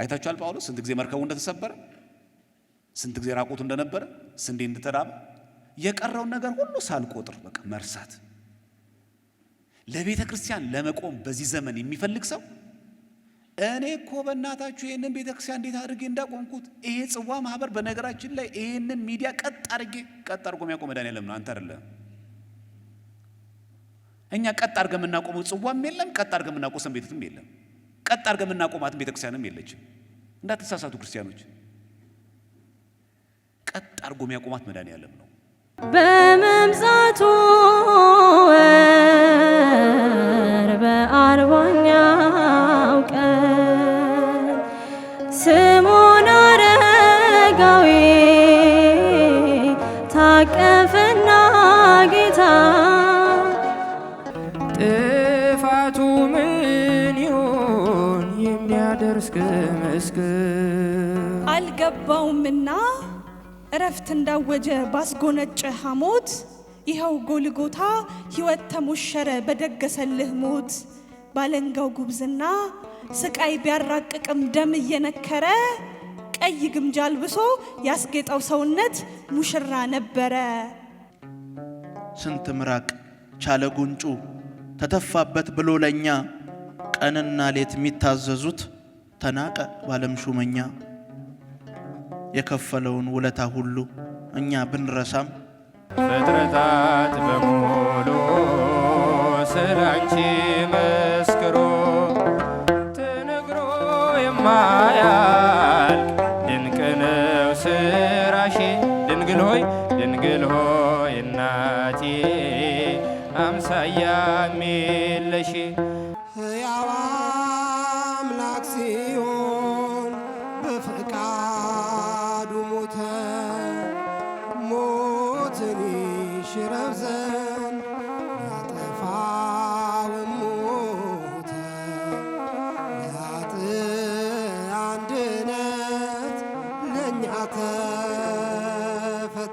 አይታችኋል። ጳውሎስ ስንት ጊዜ መርከቡ እንደተሰበረ፣ ስንት ጊዜ ራቁቱ እንደነበረ፣ ስንዴ እንደተራበ፣ የቀረውን ነገር ሁሉ ሳልቆጥር በቃ መርሳት። ለቤተ ክርስቲያን ለመቆም በዚህ ዘመን የሚፈልግ ሰው እኔ እኮ በእናታችሁ ይህንን ቤተ ክርስቲያን እንዴት አድርጌ እንዳቆምኩት ይሄ ጽዋ ማህበር፣ በነገራችን ላይ ይህንን ሚዲያ ቀጥ አድርጌ ቀጥ አድርጎ የሚያቆም መድኃኒዓለም ነው፣ አንተ አይደለም። እኛ ቀጥ አድርገን የምናቆመው ጽዋም የለም፣ ቀጥ አድርገን የምናቆሰን ቤትም የለም። ቀጥ አድርገን የምናቆማትን ቤተክርስቲያንም የለችም። እንዳትሳሳቱ ክርስቲያኖች፣ ቀጥ አድርጎ የሚያቆማት መድኃኔዓለም ነው። በመምዛቱ ወር በአርባኛው ቀን ስምዖን አረጋዊ ታቀፈና ጌታ ጥፋቱ ምን ይሆን? የሚያደርስ ምስክር አልገባውምና እረፍት እንዳወጀ ባስጎነጨ ሐሞት ይኸው ጎልጎታ ሕይወት ተሞሸረ በደገሰልህ ሞት ባለንጋው ጉብዝና ስቃይ ቢያራቅቅም ደም እየነከረ ቀይ ግምጃ አልብሶ ያስጌጠው ሰውነት ሙሽራ ነበረ። ስንት ምራቅ ቻለ ጉንጩ ተተፋበት ብሎ ለኛ ቀንና ሌት የሚታዘዙት ተናቀ ባለም ሹመኛ። የከፈለውን ውለታ ሁሉ እኛ ብንረሳም ፍጥረታት በሙሉ ስራንቺ መስክሮ ትነግሮ የማያልቅ ድንቅ ነው ስራሽ ድንግል ሆይ ድንግል ሆይ እናቴ አምሳያ ሚለሽ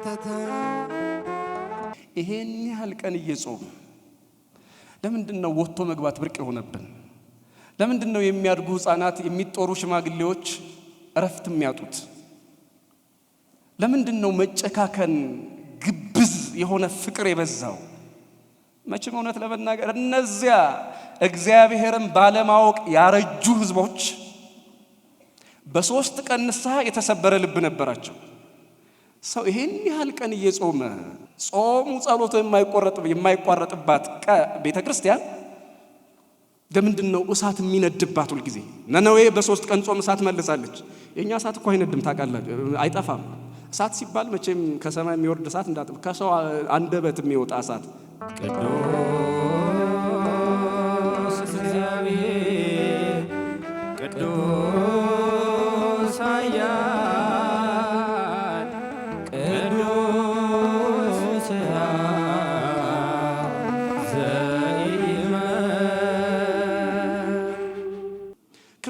እየተንከራተተ ይሄን ያህል ቀን እየጾም ለምንድን ነው ወጥቶ መግባት ብርቅ የሆነብን? ለምንድን ነው የሚያድጉ ህፃናት የሚጦሩ ሽማግሌዎች እረፍት የሚያጡት? ለምንድን ነው መጨካከን ግብዝ የሆነ ፍቅር የበዛው? መቼም እውነት ለመናገር እነዚያ እግዚአብሔርን ባለማወቅ ያረጁ ህዝቦች በሶስት ቀን ንስሐ የተሰበረ ልብ ነበራቸው። ሰው ይሄን ያህል ቀን እየጾመ ጾሙ ጸሎት የማይቋረጥባት ቤተ ክርስቲያን ለምንድን ነው እሳት የሚነድባት ሁልጊዜ? ነነዌ በሶስት ቀን ጾም እሳት መልሳለች። የእኛ እሳት እኮ አይነድም ታውቃላችሁ፣ አይጠፋም። እሳት ሲባል መቼም ከሰማይ የሚወርድ እሳት እንዳጥብ ከሰው አንደበት የሚወጣ እሳት ቅዱስ እግዚአብሔር ቅዱስ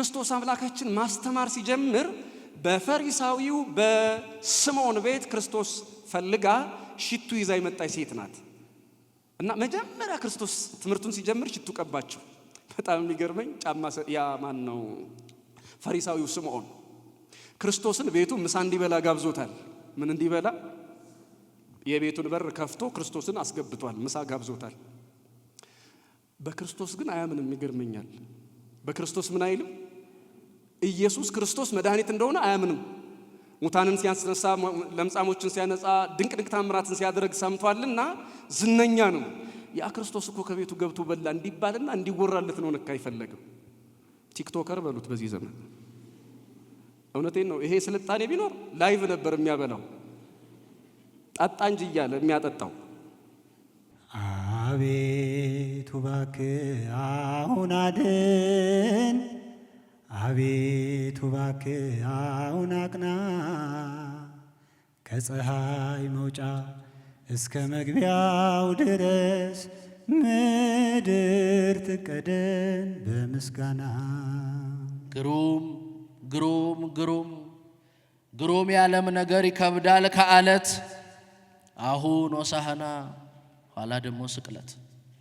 ክርስቶስ አምላካችን ማስተማር ሲጀምር በፈሪሳዊው በስምዖን ቤት ክርስቶስ ፈልጋ ሽቱ ይዛ የመጣች ሴት ናት እና መጀመሪያ ክርስቶስ ትምህርቱን ሲጀምር ሽቱ ቀባቸው። በጣም የሚገርመኝ ጫማ ያ ማን ነው? ፈሪሳዊው ስምዖን ክርስቶስን ቤቱ ምሳ እንዲበላ ጋብዞታል። ምን እንዲበላ? የቤቱን በር ከፍቶ ክርስቶስን አስገብቷል። ምሳ ጋብዞታል። በክርስቶስ ግን አያምንም። ይገርመኛል። በክርስቶስ ምን አይልም ኢየሱስ ክርስቶስ መድኃኒት እንደሆነ አያምንም። ሙታንን ሲያስነሳ፣ ለምጻሞችን ሲያነጻ፣ ድንቅ ድንቅ ታምራትን ሲያደርግ ሰምቷልና ዝነኛ ነው። ያ ክርስቶስ እኮ ከቤቱ ገብቶ በላ እንዲባልና እንዲወራለት ነው ነካ አይፈለግም። ቲክቶከር በሉት በዚህ ዘመን። እውነቴን ነው። ይሄ ስልጣኔ ቢኖር ላይቭ ነበር የሚያበላው ጠጣ እንጂ እያለ የሚያጠጣው። አቤቱ እባክህ አሁን አድን አቤቱ እባክህ አሁን አቅና ከፀሐይ መውጫ እስከ መግቢያው ድረስ ምድር ትቀደን በምስጋና። ግሩም ግሩም ግሩም ግሩም የዓለም ነገር ይከብዳል ከአለት አሁን ወሳህና ኋላ ደግሞ ስቅለት